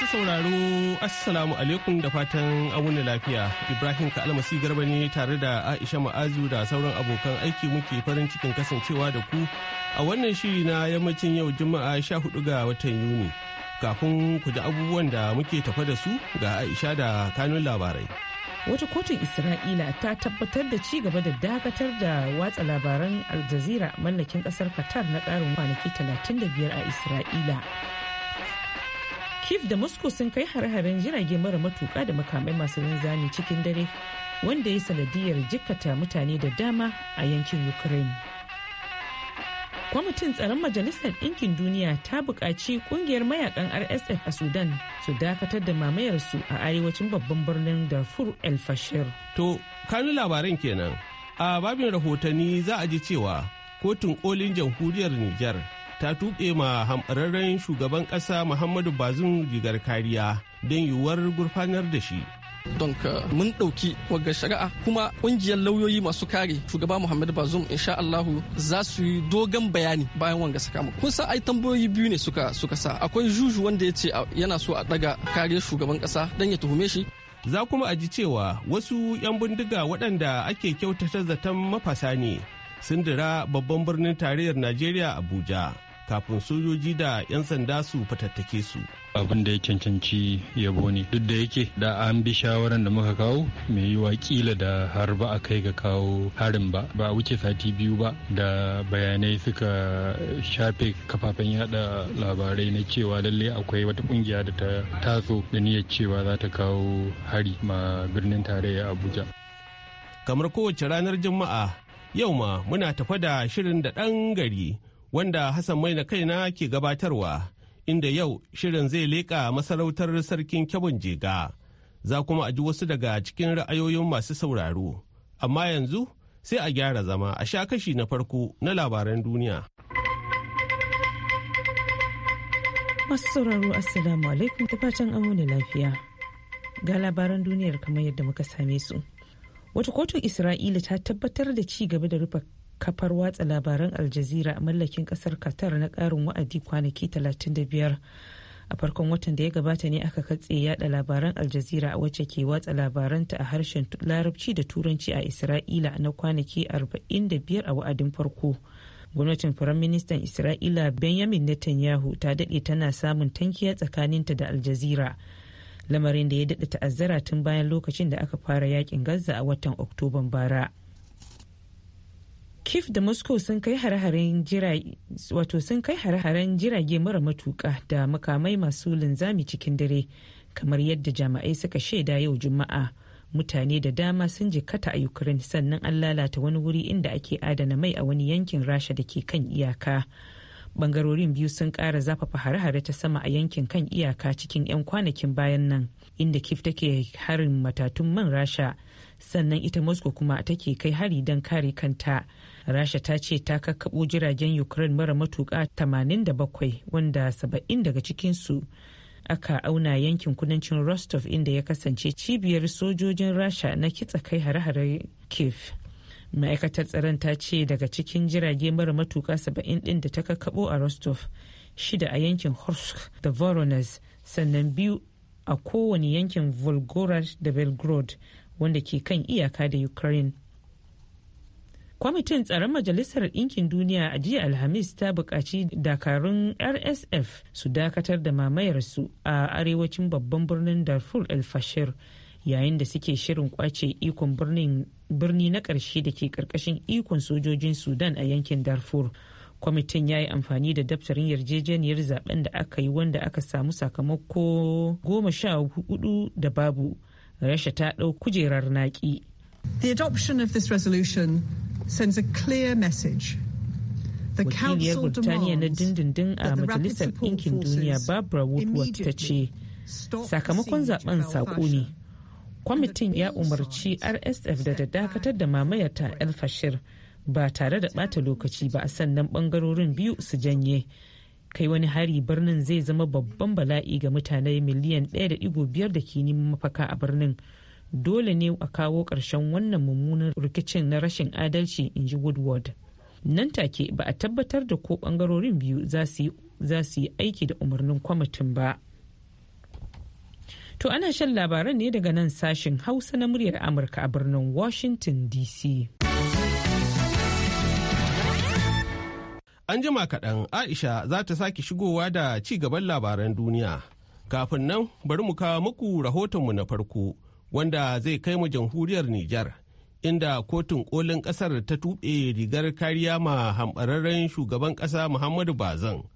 Masu sauraro Assalamu alaikum da fatan wuni lafiya. Ibrahim Ka'almasi Garba ne tare da Aisha Ma'azu da sauran abokan aiki muke farin cikin kasancewa da ku a wannan shiri na yammacin yau Juma'a sha hudu ga watan Yuni. Kafin ku ji abubuwan da muke tafa da su ga Aisha da kanun labarai. wata kotun isra'ila ta tabbatar da ci gaba da dakatar da watsa labaran aljazira mallakin kasar qatar na karin kwanaki 35 a isra'ila kif da moscow sun kai har-haren jirage mara matuka da makamai masu linzami cikin dare wanda ya sanadiyar jikkata mutane da dama a yankin ukraine kwamitin tsaron majalisar ɗinkin duniya ta buƙaci ƙungiyar mayakan rsf a sudan su dakatar da mamayarsu a arewacin babban birnin darfur el fashir to kanu labaran kenan a babin rahotanni za a ji cewa kotun kolin jamhuriyar nijar ta tuɓe ma hamɓararren shugaban ƙasa muhammadu bazum rigar kariya don yiwuwar gurfanar da shi don mun ɗauki wagga shari'a kuma ƙungiyar lauyoyi masu kare shugaba muhammadu bazum insha allahu za su yi dogon bayani bayan wanga mu kun sa ai tambayoyi biyu ne suka suka sa akwai juju wanda ya ce yana so a ɗaga kare shugaban ƙasa don ya tuhume shi za kuma a ji cewa wasu 'yan bindiga waɗanda ake kyautata zaton mafasa ne sindira babban birnin tarayyar najeriya abuja kafin sojoji da 'yan sanda su fatattake su. abin da ya cancanci yabo ne duk da yake da an bi shawaran da muka kawo mai yiwa kila da har ba a kai ga kawo harin ba ba a wuce sati biyu ba da bayanai suka shafe kafafen yada labarai na cewa lalle akwai wata kungiya da ta taso da niyyar cewa za ta kawo hari ma birnin tarayya abuja kamar kowace ranar juma'a yau ma muna tafa da shirin da ɗan gari wanda Hassan mai na kaina ke gabatarwa inda yau shirin zai leƙa masarautar sarkin kyabun jega za kuma a ji wasu daga cikin ra'ayoyin masu sauraro amma yanzu sai a gyara zama a sha kashi na farko na labaran duniya. Masu sauraro Assalamu alaikum ta fatan an ne lafiya. Ga labaran duniyar kamar yadda muka same su. Wata kotun Isra'ila ta tabbatar da ci gaba da rufe kafar watsa labaran aljazira mallakin kasar qatar na karin wa'adi kwanaki 35 a farkon watan da ya gabata ne aka katse yada labaran aljazira wacce ke watsa labaranta a harshen larabci da turanci a isra'ila na kwanaki 45 a wa'adin farko gwamnatin firaministan isra'ila benjamin netanyahu ta daɗe tana samun tankiya tsakaninta da aljazira lamarin da ya daɗe ta'azzara tun bayan lokacin da aka fara yakin gaza a watan oktoban bara kif da moscow sun kai hare-haren jirage mara matuka da makamai masu linzami cikin dare kamar yadda jama'ai suka shaida yau juma'a mutane da dama sun jikata a ukraine sannan an lalata wani wuri inda ake adana mai a wani yankin rasha da ke kan iyaka bangarorin biyu sun kara zafafa hare-hare ta sama a yankin kan iyaka cikin 'yan kwanakin bayan nan inda kif take harin matatun man rasha sannan ita moscow kuma take kai hari don kare kanta rasha ta ce ta kakkabo jiragen ukraine mara matuka 87 wanda 70 daga cikinsu aka auna yankin kudancin rostov inda ya kasance cibiyar sojojin rasha na kitsa kai hare-hare kif ma'aikatar tsaron ta ce daga cikin jirage mara matuka 70 ɗin da ta kakabo a rostov shida a yankin horsk da voronezh sannan biyu a kowane yankin volgorod da belgrade wanda ke kan iyaka da ukraine kwamitin tsaron majalisar ɗinkin duniya a jiya alhamis ta buƙaci dakarun rsf su dakatar da mamayarsu a arewacin babban birnin darfur el yayin da suke shirin kwace ikon birni na ƙarshe da ke ƙarƙashin ikon sojojin sudan a yankin darfur kwamitin ya yi amfani da daftarin yarjejeniyar zaben da aka yi wanda aka samu sakamako goma sha hudu da babu rasha ta ɗau kujerar naƙi. The adoption of this resolution sends a clear message wakiliyar burtaniya na dindindin a majalisar ɗinkin duniya barbara woodward ta ce sakamakon zaben saƙo ne kwamitin ya umarci rsf da ta dakatar da mamayata el fashir ba tare da bata lokaci ba a sannan bangarorin biyu su janye kai wani hari birnin zai zama babban bala'i ga mutane miliyan 1.5 da ke neman mafaka a birnin dole ne a kawo ƙarshen wannan mummunan rikicin na rashin adalci in ji woodward nan take ba a tabbatar da ko bangarorin biyu za su yi aiki da umarnin kwamitin ba. To ana shan labaran ne daga nan sashen Hausa na muryar Amurka a birnin Washington DC. An jima kaɗan Aisha za ta sake shigowa da ci gaban labaran duniya. Kafin nan bari mu kawo muku rahotonmu na farko wanda zai kai mu jamhuriyar Nijar. Inda kotun kolin ƙasar ta tuɓe rigar kariya ma hambararren shugaban ƙasa Muhammadu Bazan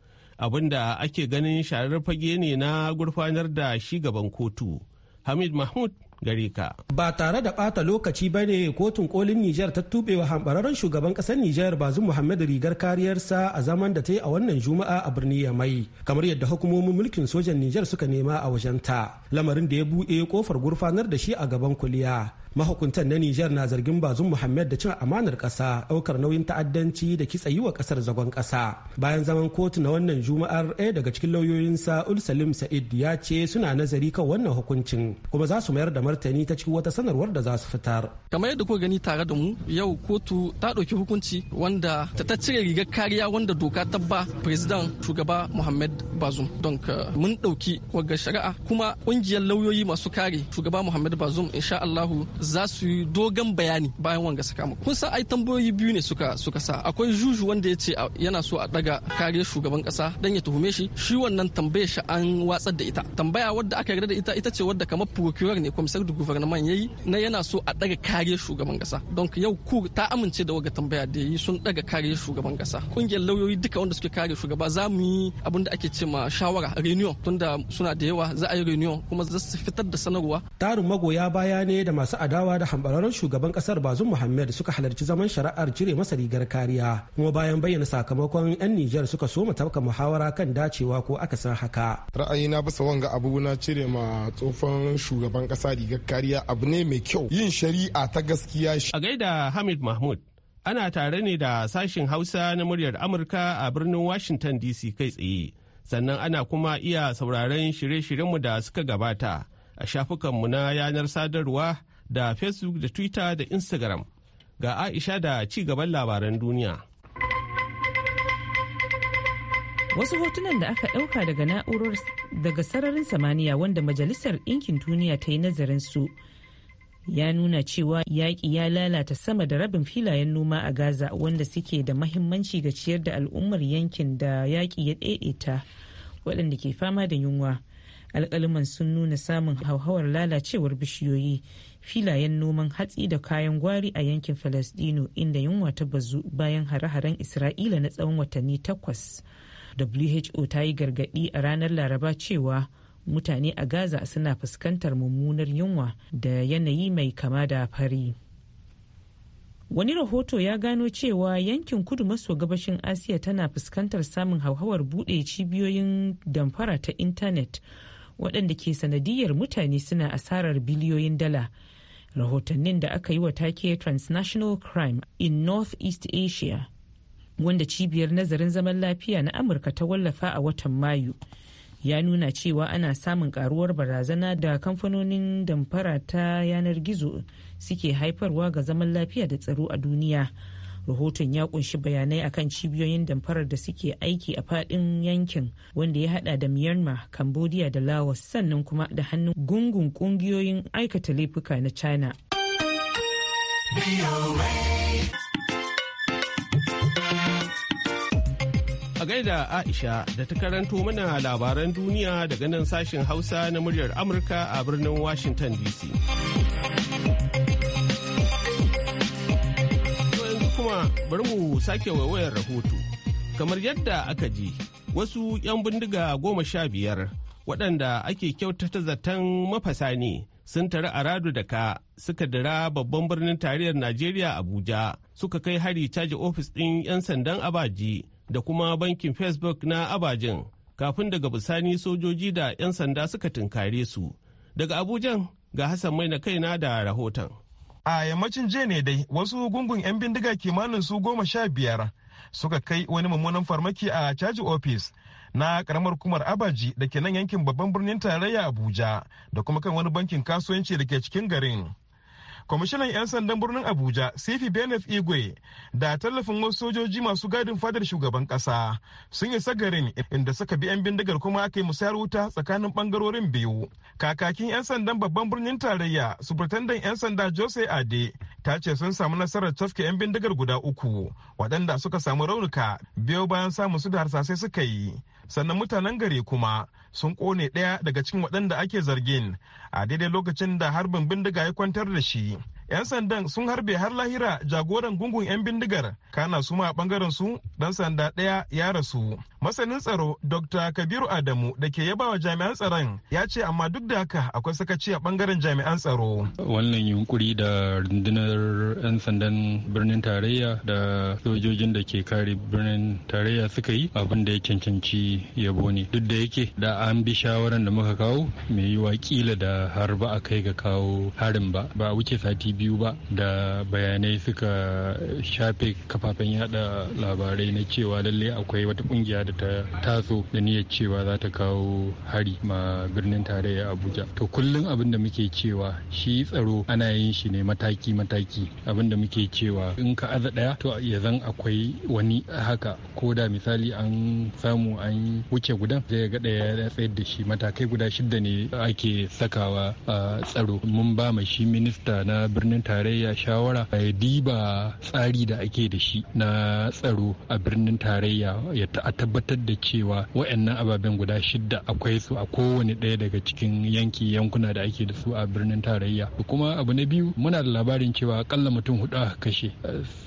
da ake ganin sharar fage ne na gurfanar da shi gaban kotu hamid mahmud Garika. Ba tare da ɓata lokaci ba ne kotun kolin Nijar ta tube wa hambararren shugaban ƙasar Nijar bazu Muhammad rigar kariyarsa a zaman da ta yi a wannan Juma'a a birnin Yamai, kamar yadda hukumomin mulkin sojan Nijar suka nema a wajen ta, lamarin da ya buɗe kofar gurfanar da shi a gaban kuliya. mahukuntan na Nijar na zargin bazun Muhammad da cin amanar kasa ɗaukar nauyin ta'addanci da kitsa yi wa kasar zagon kasa Bayan zaman kotu na wannan Juma'ar ɗaya daga cikin lauyoyinsa Ul Salim Sa'id ya ce suna nazari kan wannan hukuncin kuma za su mayar da martani ta cikin wata sanarwar da za su fitar. Kamar yadda kuka gani tare da mu yau kotu ta ɗauki hukunci wanda ta cire rigar kariya wanda doka ta ba Firistan shugaba Muhammad Bazum. Don mun ɗauki wagga shari'a kuma ƙungiyar lauyoyi masu kare shugaba Muhammad Bazum insha Allahu za su yi dogon bayani bayan wanga sakamako kun san ai tambayoyi biyu ne suka suka sa akwai juju wanda ya ce yana so a daga kare shugaban kasa dan ya tuhume shi shi wannan tambayar shi an watsar da ita tambaya wadda aka yarda da ita ita ce wadda kamar procureur ne komisar da gouvernement yayi na yana so a daga kare shugaban kasa don yau ku ta amince da waga tambaya da yi sun daga kare shugaban kasa kungiyar lauyoyi duka wanda suke kare shugaba za mu yi abin da ake ce ma shawara reunion tunda suna da yawa za a yi reunion kuma za su fitar da sanarwa tarin magoya baya ne da masu adawa adawa da hambararren shugaban kasar bazum muhammed suka halarci zaman shari'ar cire masa rigar kariya kuma bayan bayyana sakamakon yan nijar suka soma tafka muhawara kan dacewa ko aka san haka ra'ayina bisa wanga abu na cire ma tsofan shugaban kasa rigar kariya abu ne mai kyau yin shari'a ta gaskiya a gaida hamid mahmud ana tare ne da sashin hausa na muryar amurka a birnin washington dc kai tsaye sannan ana kuma iya sauraren shirye-shiryenmu da suka gabata a shafukanmu na yanar sadarwa da facebook da twitter da instagram ga aisha da ci gaban labaran duniya wasu hotunan da aka ɗauka daga na'urar daga sararin samaniya wanda majalisar ɗinkin duniya ta yi nazarin su ya nuna cewa yaƙi ya lalata sama da rabin filayen noma a gaza wanda suke da mahimmanci ga ciyar da al'ummar yankin da yaƙi ya ɗaiɗaita waɗanda ke fama da yunwa alƙaluman sun nuna samun hauhawar lalacewar bishiyoyi filayen noman hatsi da kayan gwari a yankin falasdino inda yunwa ta bazu bayan hare-haren isra'ila na tsawon watanni takwas who ta yi gargadi a ranar laraba cewa mutane a gaza suna fuskantar mummunar yunwa da yanayi mai kama da fari wani rahoto ya gano cewa yankin kudu maso gabashin asiya tana fuskantar samun hauhawar bude cibiyoyin damfara ta intanet waɗanda ke sanadiyar mutane suna asarar biliyoyin dala rahotannin da aka yi wa take transnational crime in north east asia wanda cibiyar nazarin zaman lafiya na amurka ta wallafa a watan mayu ya nuna cewa ana samun karuwar barazana da kamfanonin damfara ta yanar gizo suke haifarwa ga zaman lafiya da tsaro a duniya rahoton ya kunshi bayanai akan cibiyoyin damfarar da suke aiki a fadin yankin wanda ya hada da myanmar cambodia da laos sannan kuma da hannun gungun kungiyoyin aikata laifuka na china a gaida aisha da ta karanto mana labaran duniya daga nan sashen hausa na muryar amurka a birnin washington dc bari mu sake waiwayar rahoto kamar yadda aka ji wasu 'yan bindiga goma sha biyar waɗanda ake kyautata zaton mafasa ne sun tare a radu da ka suka dira babban birnin tariyar najeriya abuja suka kai hari caji ofis ɗin 'yan sandan abaji da kuma bankin facebook na abajin kafin daga bisani sojoji da 'yan sanda suka tunkare su daga Abuja ga hassan mai na kaina da rahoton a yammacin jiya ne dai wasu gungun 'yan bindiga kimanin su goma sha biyar suka kai wani mummunan farmaki a caji ofis na karamar kumar abaji da ke nan yankin babban birnin tarayya abuja da kuma kan wani bankin kasuwanci da ke cikin garin kwamishinan 'yan sandan birnin abuja sifi benef igwe da tallafin wasu sojoji masu gadin fadar shugaban kasa sun isa garin inda suka bi 'yan bindigar kuma aka yi musayar wuta tsakanin bangarorin biyu kakakin 'yan sandan babban birnin tarayya subritandan 'yan sanda jose ade ta ce sun samu nasarar taske 'yan bindigar guda uku waɗanda suka samu raunuka biyo bayan samun su da harsasai suka yi sannan mutanen gari kuma sun kone ɗaya daga cikin waɗanda ake zargin a daidai lokacin da harbin bindiga ya kwantar da shi 'yan sandan sun harbe har lahira jagoran gungun 'yan bindigar kana su ma bangaren su dan sanda daya ya rasu masanin tsaro dr kabiru adamu da ke yaba wa jami'an tsaron ya ce amma duk da haka akwai sakaci a bangaren jami'an tsaro wannan yunkuri da rundunar 'yan sandan birnin tarayya da sojojin da ke kare birnin tarayya suka yi abin da ya cancanci yabo ne duk da yake da an bi shawaran da muka kawo mai yiwa kila da har ba a kai ga kawo harin ba ba wuce sati biyu ba da bayanai suka shafe kafafen yada labarai na cewa lallai akwai wata kungiya da ta taso da niyyar cewa za ta kawo hari ma birnin tarayya abuja to kullum abin da muke cewa shi tsaro ana yin shi ne mataki-mataki abin da muke cewa in ka aza daya to ya zan akwai wani haka ko da misali an samu an wuce gudan zai ga daya ya tsayar da shi matakai guda shidda ne ake sakawa a tsaro mun ba ma shi minista na birnin birnin tarayya shawara ya diba tsari da ake da shi na tsaro a birnin tarayya ya a tabbatar da cewa wa'annan ababen guda shidda akwai su a kowane ɗaya daga cikin yanki yankuna da ake da su a birnin tarayya kuma abu na biyu muna da labarin cewa akalla mutum hudu aka kashe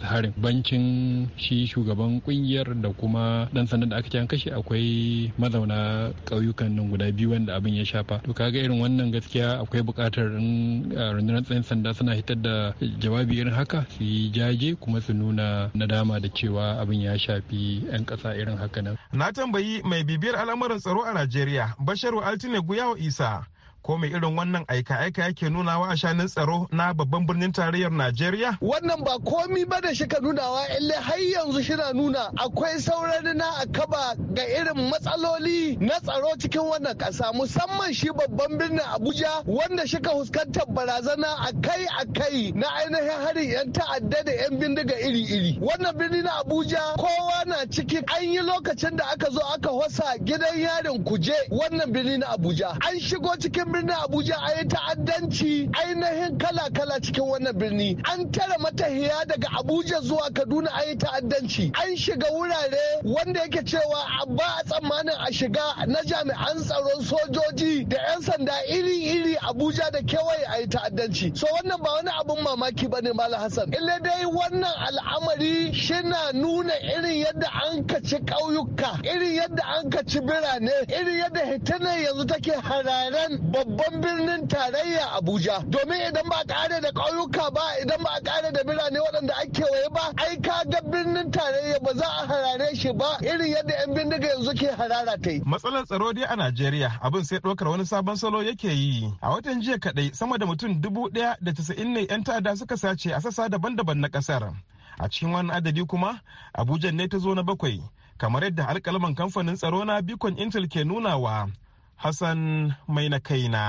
harin bancin shi shugaban kungiyar da kuma dan sanda da aka ce an kashe akwai mazauna ƙauyukan nan guda biyu wanda abin ya shafa to kaga irin wannan gaskiya akwai buƙatar rundunar tsayin sanda suna fitar da jawabi irin haka su yi jaje kuma su nuna nadama da cewa abin ya shafi 'yan ƙasa irin haka nan. Na tambayi mai bibiyar al'amuran tsaro a Najeriya Basharu Altine Yawo Isa ko mai irin wannan aika-aika yake nunawa a shanin tsaro na babban birnin tarayyar Najeriya? Wannan ba komi ba da shika nunawa ille har yanzu shina nuna akwai sauran na akaba ga irin matsaloli na tsaro cikin wannan kasa musamman shi babban birnin Abuja wanda shika fuskantar barazana akai-akai na ainihin harin 'yan ta'adda da 'yan bindiga iri-iri. Wannan birnin na Abuja kowa na ciki an yi lokacin da aka zo aka wasa gidan yarin kuje wannan birni na Abuja. An shigo cikin cikin birnin Abuja a yi ta'addanci ainihin kala-kala cikin wannan birni. An tara matahiya daga Abuja zuwa Kaduna a yi ta'addanci. An shiga wurare wanda yake cewa a ba a tsammanin a shiga na jami'an tsaron sojoji da 'yan sanda iri-iri Abuja da kewaye a yi ta'addanci. So wannan ba wani abin mamaki ba ne Malam Hassan. Ille dai wannan al'amari shina nuna irin yadda an kaci ƙauyuka, irin yadda an kaci birane, irin yadda hitinan yanzu take hararen babban birnin tarayya Abuja. Domin idan ba kare da ƙauyuka ba idan ba kare da birane waɗanda ake waye ba ai ka ga birnin tarayya ba za a harare shi ba irin yadda 'yan bindiga yanzu ke harara ta yi. Matsalar tsaro dai a Najeriya abin sai ɗaukar wani sabon salo yake yi. A watan jiya kaɗai sama da mutum dubu ɗaya da casa'in ne 'yan ta'adda suka sace a sassa daban-daban na ƙasar. A cikin wani adadi kuma Abuja ne ta zo na bakwai kamar yadda alkalaman kamfanin tsaro na Bikon Intel ke nunawa. Hassan mai na kai na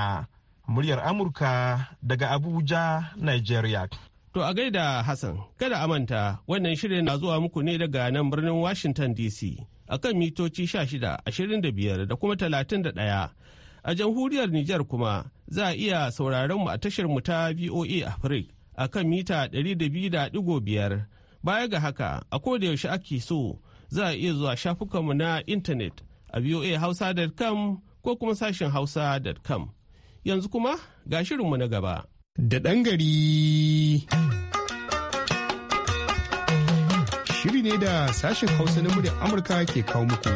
muryar Amurka daga Abuja, Nigeria. To a gaida Hassan, kada a manta wannan shirin na zuwa muku ne daga nan birnin Washington DC a kan mitoci 16, ashirin da biyar, da kuma da ɗaya. A jamhuriyar Nijar kuma za a iya sauraron mu a tashar mu ta VOA a kan mita ɗari da da biyu 200.5. Baya ga haka, a koda yaushe ake so za a iya zuwa shafukanmu na intanet a voahausa.com ko kuma sashen hausa.com. Yanzu kuma ga shirinmu na gaba. Da ɗan gari. Shiri ne da sashen hausa na muryar Amurka ke kawo muku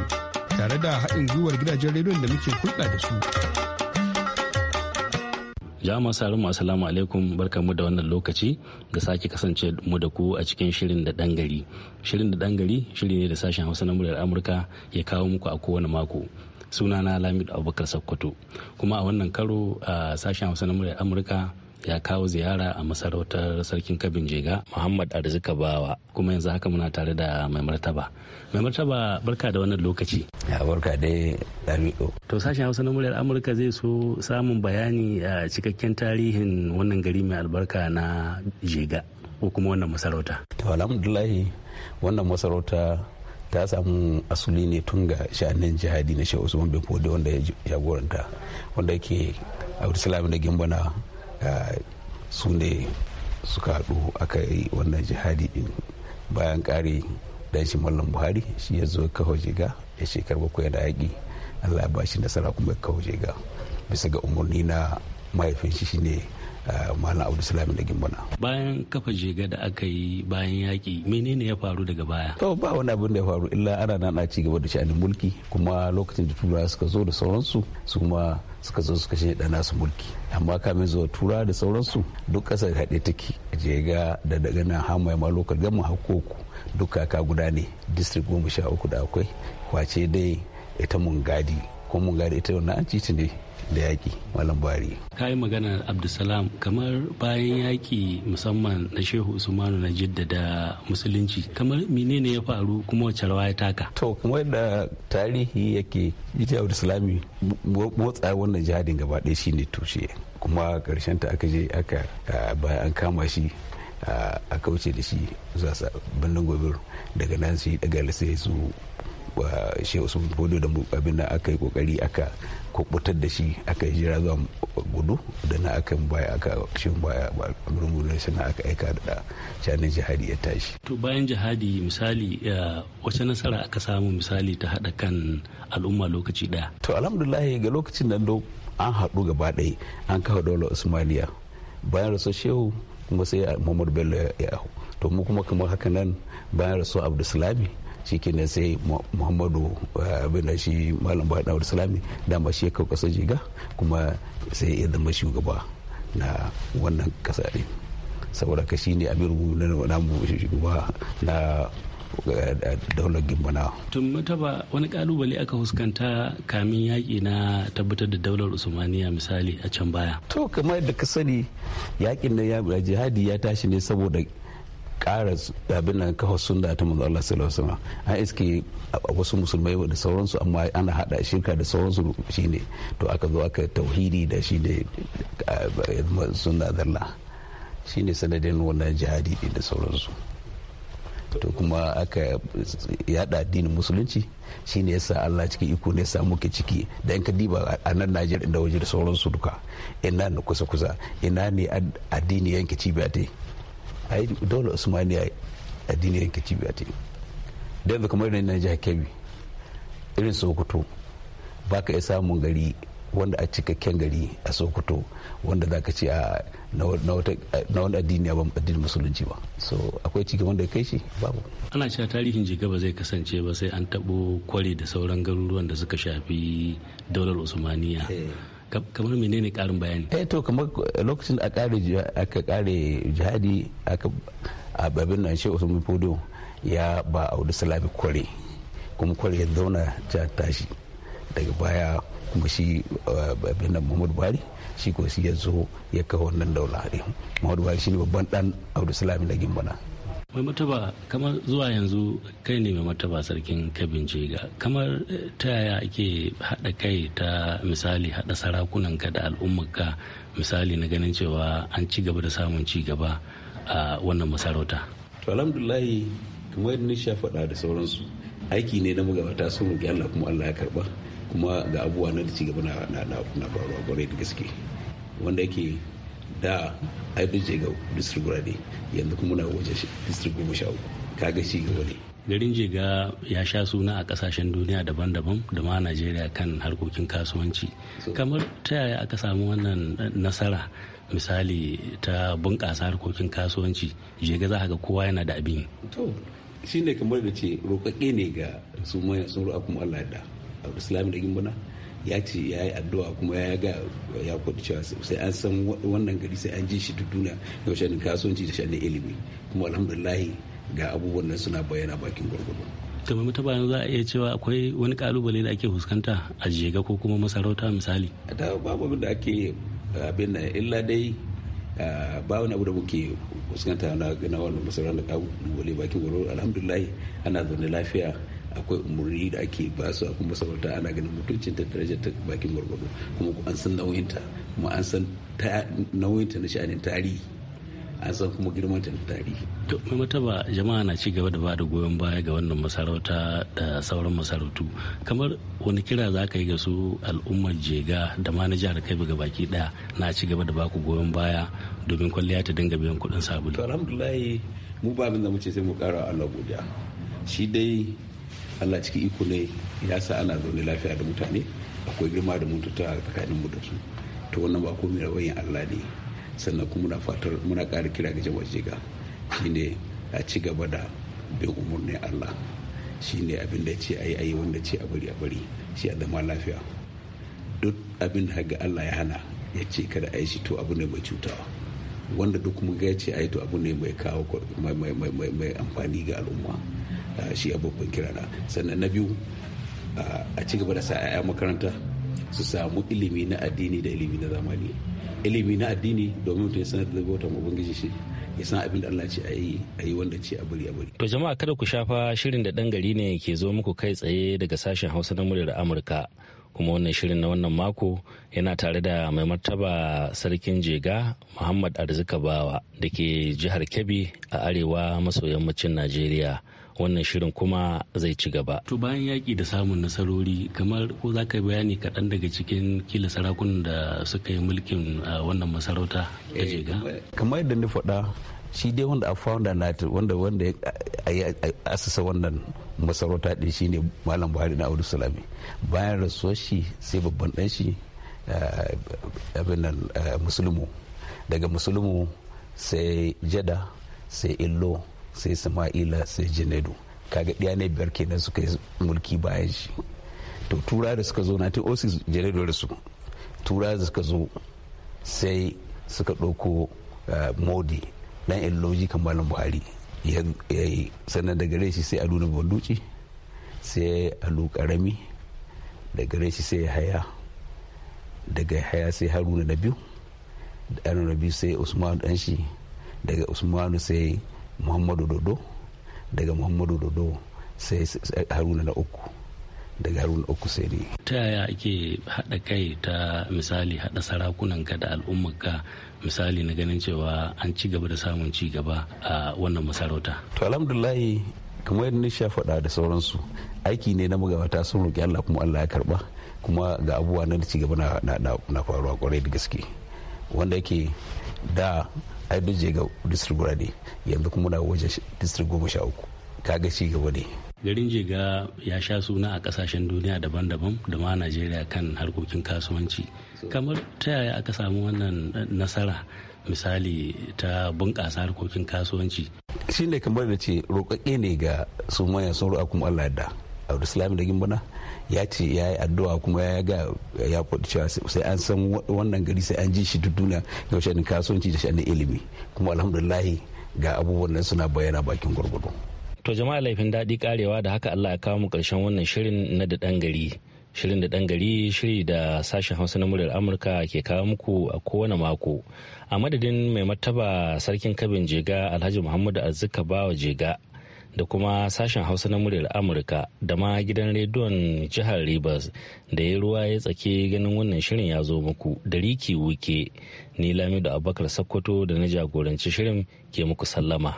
tare da haɗin gwiwar gidajen rediyon da muke hulɗa da su. jama'a masu assalamu alaikum barkamu da wannan lokaci ga sake kasance mu da ku a cikin shirin da dangari shirin da dangari shiri ne da sashen hausa na muryar amurka ya kawo muku a kowane mako sunana lamidu abubakar sakkwato kuma a wannan karo a sashen hausa na muryar amurka ya kawo ziyara a masarautar sarkin kabin jega muhammad arzika bawa kuma yanzu haka muna tare da mai martaba mai martaba barka da wannan lokaci ya barka dai lamido to sashen hausa na muryar amurka zai so samun bayani a cikakken tarihin wannan gari mai albarka na jega ko kuma wannan masarauta to wannan masarauta ta samu asuli ne tun ga sha'anin jihadi na shehu usman bin fode wanda ya jagoranta wanda yake abdulsalam da gimbana su ne suka haɗu aka yi wannan jihadi din bayan kare dan shi mallam buhari shi ya zo kawo jiga ya shekar bakwai da yaƙi allah ya ba shi nasara kuma kawo jiga bisa ga umarni na mahaifin shi shine Eh, malam abdul salami da gimbana bayan kafa jega da aka yi bayan yaƙi menene ya faru daga baya to ba wani abin da ya faru illa ana nana ci gaba da sha'anin mulki kuma lokacin da turawa suka zo da sauransu su kuma suka zo suka shi da nasu mulki amma kamin zuwa tura da sauransu duk ƙasar haɗe take jega da daga nan hamaye ma lokal gama hakoku duk kaka guda ne district goma sha uku da akwai kwace dai ita mun gadi ko mun gada ita wannan an ci ne da yaƙi malam buhari ka yi magana abdulsalam kamar bayan yaƙi musamman na shehu usmanu na jidda da musulunci kamar menene ya faru kuma wacce rawa ya taka to kuma yadda tarihi yake ita abdulsalami motsa wannan jihadin gaba ɗaya ne tushe kuma ƙarshen ta aka je aka bayan an kama shi a kauce da shi zuwa birnin gobe daga nan sai daga sai su shehu usman bodo da abin da aka yi kokari aka kubutar da shi aka yi jira zuwa gudu da na akan baya aka shin baya murmurar sana aka aika da canin jihadi ya tashi to bayan jihadi misali wace nasara aka samu misali ta hada kan al'umma lokaci daya to alhamdulillah ga lokacin nan do an haɗu gaba ɗaya an kawo daular usmaniya bayan rasu shehu kuma sai muhammadu bello ya hau to mu kuma kamar haka nan bayan rasu abdulsalami ne sai muhammadu eh, abin da shi malam bahad awar islami dama shi ya kawo kasar jiga kuma sai ya zama shugaba na wannan kasa ne saboda ka shi shine amiru na namu shugaba na eh, daular gimbana. tun ba wani kalubale aka fuskanta kamin yaƙi na tabbatar da daular usmaniya misali a can baya to kamar da ka sani yaƙin na jihadi ya tashi ne saboda kara abin nan kafa sunna ta manzo Allah sallallahu alaihi wasallam an iske wasu musulmai da sauransu amma ana hada shirka da sauransu shine to aka zo aka tauhidi da shi da sunna zalla shine sanadin wannan jihadi da sauransu to kuma aka yada addinin musulunci shine yasa Allah cikin iko ne sa muke ciki da in diba a nan Najeriya da waje da sauransu duka ina ne kusa kusa ina ne addini yanke cibiya ta a yi dole usmaniya addini yanke cibiya ta yi don da kamar na jihar kebbi irin sokoto ba ka iya samun gari wanda a cikakken gari a sokoto wanda za ka ce ah, a na wani addini ba addinin musulunci ba so akwai cikin wanda ya kai shi babu ana cewa tarihin jiga ba zai kasance ba sai an taɓo kware da sauran garuruwan da suka shafi daular usmaniya eh. kamar menene karin bayani eh to kamar lokacin da aka kare jihadi aka a babin nan shi usman fodo ya ba audu salami kware kuma kware ya zauna ja tashi daga baya kuma shi babin eh, nan muhammadu buhari shi ko shi ya zo ya kawo wannan daula muhammadu buhari shine babban dan audu salami na gimbana mai mataba kamar zuwa yanzu kai ne mai mataba sarkin kabin jega kamar eh, ta yaya ake haɗa kai ta misali haɗa sarakunan ka da ka misali na ganin cewa an ci gaba da samun ci gaba a wannan masarauta to alhamdulahi kamar yadda sha faɗa da sauransu aiki ne na magabata sun roƙi allah kuma allah ya karɓa kuma ga abubuwa na da ci gaba na faruwa gwarai da gaske wanda yake da ai ga district guda ne yanzu kuma muna wajen district goma sha uku kaga shi ga ne garin jega ya sha suna a kasashen duniya daban-daban da ma najeriya kan harkokin kasuwanci kamar ta yaya aka samu wannan eh, nasara misali ta bunƙasa harkokin kasuwanci jega za ga kowa yana da abin to shi ne kamar da ce roƙaƙe ne ga su mayan tsoro a kuma allah da islamu da gimbana ya ce ya yi addu'a kuma ya ga ya kudu cewa sai an san wannan gari sai an ji shi duduna ga shanin kasuwanci da shanin ilimi kuma alhamdulillahi ga abubuwan nan suna bayyana bakin gwargwado kamar mai mutaba za a iya cewa akwai wani kalubale da ake fuskanta a jega ko kuma masarauta misali da babu abin da ake abin na illa dai ba wani abu da muke fuskanta na gana wannan masarauta da kalubale bakin gwargwado alhamdulillahi ana zaune lafiya akwai umarni da ake ba su kuma masarauta ana ganin mutuncin ta darajar ta bakin gwargwado kuma an san nauyinta kuma an san nauyinta na sha'anin tarihi an san kuma girman ta na tarihi. to mai mataba jama'a na ci gaba da ba da goyon baya ga wannan masarauta da sauran masarautu kamar wani kira za ka yi ga su al'ummar jega da ma na jihar kebbi ga baki daya na ci gaba da baku goyon baya domin kwalliya ta dinga biyan kuɗin sabulu. to alhamdulilayi mu ba abin da mu sai mu kara Allah godiya shi dai allah ciki iko ne ya sa ana zaune lafiya da mutane akwai girma da mutunta tsakanin mu da su to wannan ba komai rawayin allah ne sannan kuma muna fatar muna ƙara kira ga jama'a jiga shine a ci gaba da bin umarnin allah shine abin da ce a yi a wanda ce a bari a bari shi a zama lafiya duk abin da ga allah ya hana ya ce kada a yi shi to abu ne mai cutawa wanda duk kuma ya ce a to abu ne mai kawo mai amfani ga al'umma Ah, shi a kirana sannan na biyu ah, a ci gaba da sa 'ya'ya makaranta su samu ilimi na addini da ilimi na zamani ilimi na addini domin mutum ya sanar da bautan ubangiji shi ya san abin da Allah ce a yi wanda ce a bari a bari. To jama'a kada ku shafa shirin da dan gari ne ke zo muku kai tsaye daga sashen Hausa na muryar Amurka. kuma wannan shirin na wannan mako yana tare da mai martaba sarkin jega muhammad Arzikabawa bawa da ke jihar kebbi a arewa maso yammacin najeriya wannan shirin kuma zai ci gaba. To bayan yaƙi da samun nasarori kamar ko za ka bayani kaɗan daga cikin kila sarakunan da suka yi mulkin wannan masarauta ta eh, jega? Kamar yadda na faɗa shi dai wanda a founder na wanda wanda asasa wannan masarauta ɗin ne malam buhari na audu salami bayan rasuwar shi sai babban ɗan shi musulmu daga musulmu sai jada sai illo sai sama'ila sai janedo kaga ɗaya ne biyar kenan suka yi mulki bayan shi to tura da suka zo na ta osi janedo da su tura da suka zo sai suka ɗauko eh, modi dan iloji kamalin buhari ya yi sannan da gare shi sai a nuna sai alu karami da gare shi sai haya daga haya sai haruna na biyu da na biyu sai usmanu dan shi daga usmanu sai muhammadu dodo daga muhammadu dodo sai haruna na uku daga haruna uku sai ne ta yaya ake hada kai ta misali hada sarakunan ka da al'ummarka misali na ganin cewa an ci gaba da samun ci gaba a wannan masarauta to alhamdulahi kamar yadda sha faɗa da sauransu aiki ne na magabata sun roƙi allah kuma allah ya karɓa kuma ga abubuwa na ci gaba na faruwa kwarai da gaske wanda yake da ai duk ga district guda ne yanzu kuma na wajen district goma sha uku kaga ci gaba ne garin jega ya sha suna a kasashen duniya daban-daban da ma najeriya kan harkokin kasuwanci kamar ta yaya aka samu wannan eh, nasara misali ta bunƙasa harkokin kasuwanci shi kamar da ce roƙaƙe ne ga su maya sun ru'a kuma allah abdulsalam da gimbuna ya ce ya yi addu'a kuma ya ga ya faɗi cewa sai an san wannan gari sai an ji shi duk duniya ga shanin kasuwanci da shi ilimi kuma alhamdulillahi ga abubuwan nan suna bayyana bakin gurgudu. to jama'a laifin daɗi karewa da haka allah ya kawo mu ƙarshen wannan shirin na da ɗan gari shirin da ɗan gari shiri da sashen hausa na muryar amurka ke kawo muku a kowane mako a madadin mai martaba sarkin kabin jega alhaji muhammadu azzika bawa jega da kuma sashen hausa na muryar amurka da ma gidan rediyon jihar rivers da ya ruwa ya tsake ganin wannan shirin ya zo muku da riki wuke ni lamido abubakar sakkwato da na jagoranci shirin ke muku sallama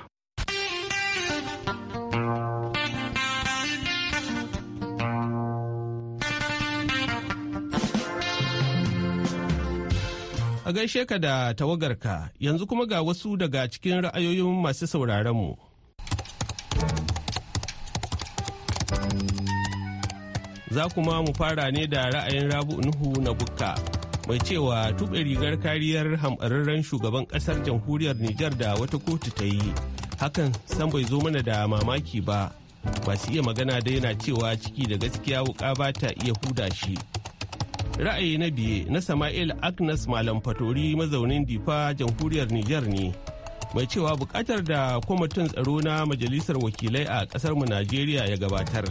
a gaishe ka da tawagarka yanzu kuma ga wasu daga cikin ra'ayoyin masu sauraronmu. mu za kuma mu fara ne da ra'ayin rabu nuhu na bukka mai cewa tuɓe rigar kariyar hamɓararren shugaban ƙasar jamhuriyar nijar da wata kotu ta yi hakan san bai zo mana da mamaki ba masu iya magana da yana cewa ciki da gaskiya wuƙa ba ta iya huda shi ra'ayi na biye na sama'il agnes malam fatori mazaunin difa jamhuriyar nijar ne mai cewa bukatar da kwamitin tsaro na majalisar wakilai a ƙasarmu najeriya ya gabatar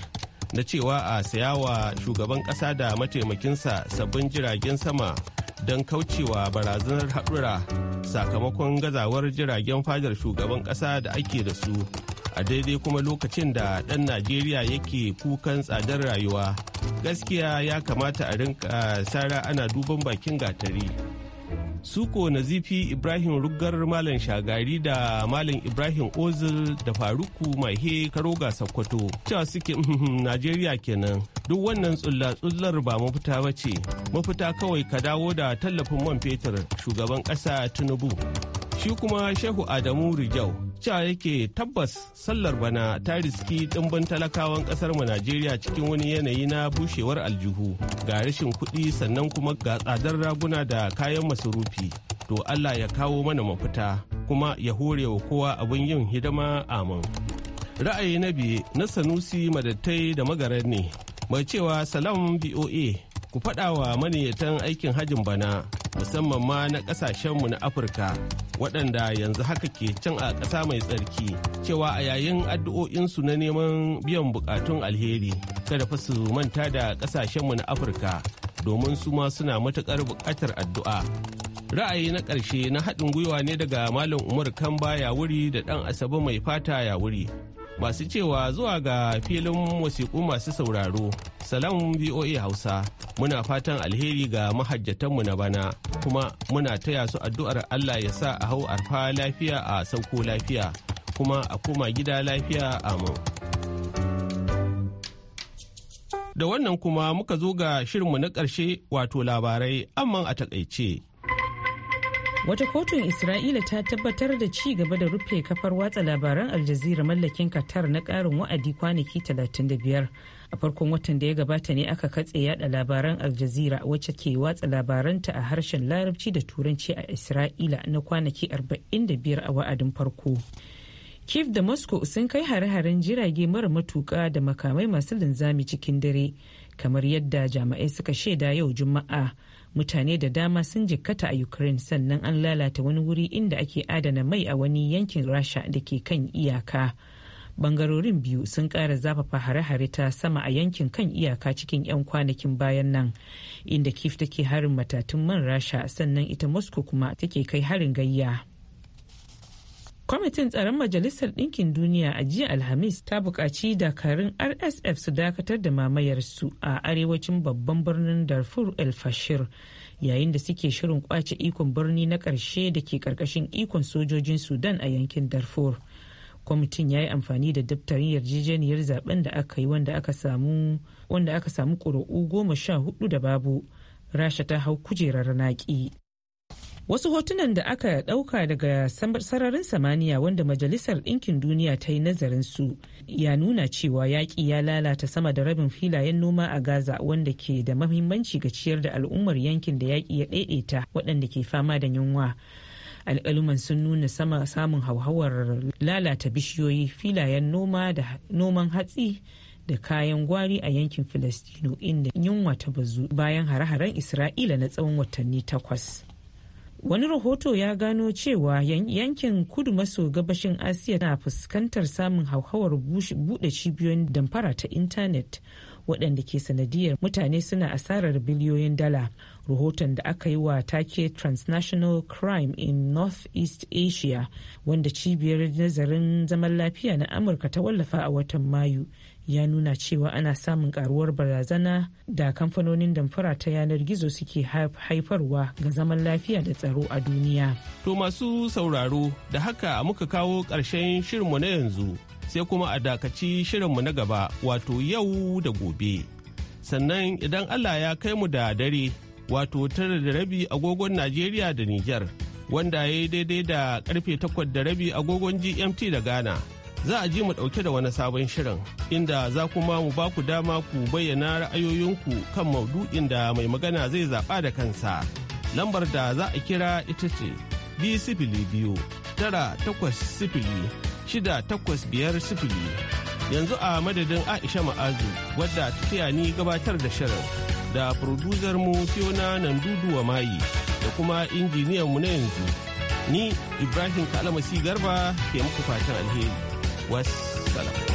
na cewa a saya wa shugaban kasa da mataimakinsa sabbin jiragen sama don kaucewa barazanar haɗura sakamakon gazawar jiragen fadar shugaban ƙasa da ake da su a daidai kuma lokacin da ɗan najeriya yake kukan tsadar rayuwa gaskiya ya kamata a rinka sara ana duban bakin gatari. suko nazifi ibrahim rugar malam shagari da malam ibrahim ozil da faruku mahe karoga sakkwato cewa suke najeriya kenan duk wannan tsulla-tsullar ba mafita ba ce mafita kawai ka dawo da tallafin man fetur shugaban ƙasa tinubu shi kuma shehu adamu rijau cewa yake tabbas sallar bana ta riski ɗimbin talakawan ƙasar mu Najeriya cikin wani yanayi na bushewar aljihu ga rashin kuɗi sannan kuma ga tsadar raguna da kayan masarufi. To Allah ya kawo mana mafita kuma ya hore wa kowa abun yin hidima amin. Ra'ayi na biye na Sanusi Madattai da magarar ne mai cewa salam BOA ku faɗa wa maniyyatan aikin hajin bana musamman ma na ƙasashenmu na afirka waɗanda yanzu haka ke can a ƙasa mai tsarki cewa a yayin addu'o'insu na neman biyan buƙatun alheri kada fa su manta da ƙasashenmu na afirka domin su ma suna matuƙar buƙatar addu'a ra'ayi na ƙarshe na haɗin gwiwa ne daga malam umar kamba ya wuri da ɗan asabe mai fata ya wuri masu cewa zuwa ga filin wasiƙu masu sauraro salam voa hausa muna fatan alheri ga mahajjatanmu na bana kuma muna taya su addu'ar allah ya sa a hau arfa lafiya a sauko lafiya kuma a koma gida lafiya amin da wannan kuma muka zo ga shirinmu na ƙarshe wato labarai amman a takaice. wata kotun isra'ila ta tabbatar da ci gaba da rufe kafar watsa labaran aljazira mallakin qatar na karin wa'adi kwanaki 35 a farkon watan da ya gabata ne aka katse yada labaran aljazira wacce ke watsa labaranta a harshen larabci da turanci a isra'ila na kwanaki 45 a wa'adin farko kif da moscow sun kai hare-haren jirage mara matuka da makamai masu linzami cikin dare kamar yadda jami'ai suka shaida yau juma'a mutane da dama sun jikkata a ukraine sannan an lalata wani wuri inda ake adana mai a wani yankin rasha da ke kan iyaka bangarorin biyu sun kara zafafa hare-hare ta sama a yankin kan iyaka cikin 'yan kwanakin bayan nan inda kif take harin matatun man rasha sannan ita moscow kuma take kai harin gayya kwamitin tsaron majalisar ɗinkin duniya a jiya alhamis ta buƙaci dakarun rsf su dakatar da mamayarsu a arewacin babban birnin darfur el fashir yayin da suke shirin kwace ikon birni na ƙarshe da ke ƙarƙashin ikon sojojin sudan a yankin darfur kwamitin ya yi amfani da daftarin yarjejeniyar zaben da aka yi wanda aka samu wanda goma sha hudu da babu rasha ta hau kujerar naƙi wasu hotunan da aka ɗauka daga sararin samaniya wanda majalisar ɗinkin duniya ta yi nazarin su ya nuna cewa yaƙi ya lalata sama da rabin filayen noma a gaza wanda ke da mahimmanci ga ciyar da al'ummar yankin da yaƙi ya ɗaiɗaita waɗanda ke fama da yunwa alƙaluman sun nuna sama samun hauhawar lalata bishiyoyi filayen noma da noman hatsi da kayan gwari a yankin filistino inda yunwa ta bazu bayan hare-haren isra'ila na tsawon watanni takwas wani rahoto ya gano cewa yankin kudu maso gabashin asiya na fuskantar samun hauhawar buɗe cibiyoyin damfara ta intanet waɗanda ke sanadiyar mutane suna asarar biliyoyin dala rahoton da aka yi wa take transnational crime in north east asia wanda cibiyar nazarin zaman lafiya na amurka ta wallafa a watan mayu ya nuna cewa ana samun karuwar barazana da kamfanonin damfara ta yanar gizo suke haifarwa ga zaman lafiya da tsaro a duniya. To masu sauraro da haka muka kawo ƙarshen shirinmu na yanzu sai kuma a dakaci shirinmu na gaba wato yau da gobe. Sannan idan Allah ya kai mu da dare wato tara da rabi agogon Najeriya da Nijar wanda ya daidai da karfe takwas da rabi agogon GMT da Ghana. za a ji mu ɗauke da wani sabon shirin inda za kuma mu ba ku dama ku bayyana ra'ayoyinku kan maudu'in da mai magana zai zaɓa da kansa. Lambar da za a kira ita ce biyu sifili biyu tara takwas sifili shida takwas biyar sifili. Yanzu a madadin Aisha Ma'azu wadda tafiya ni gabatar da shirin da producer mu Fiona Nandudu Mayi da kuma injiniyan mu na yanzu. Ni Ibrahim Kalamasi Garba ke muku fatan alheri. والسلام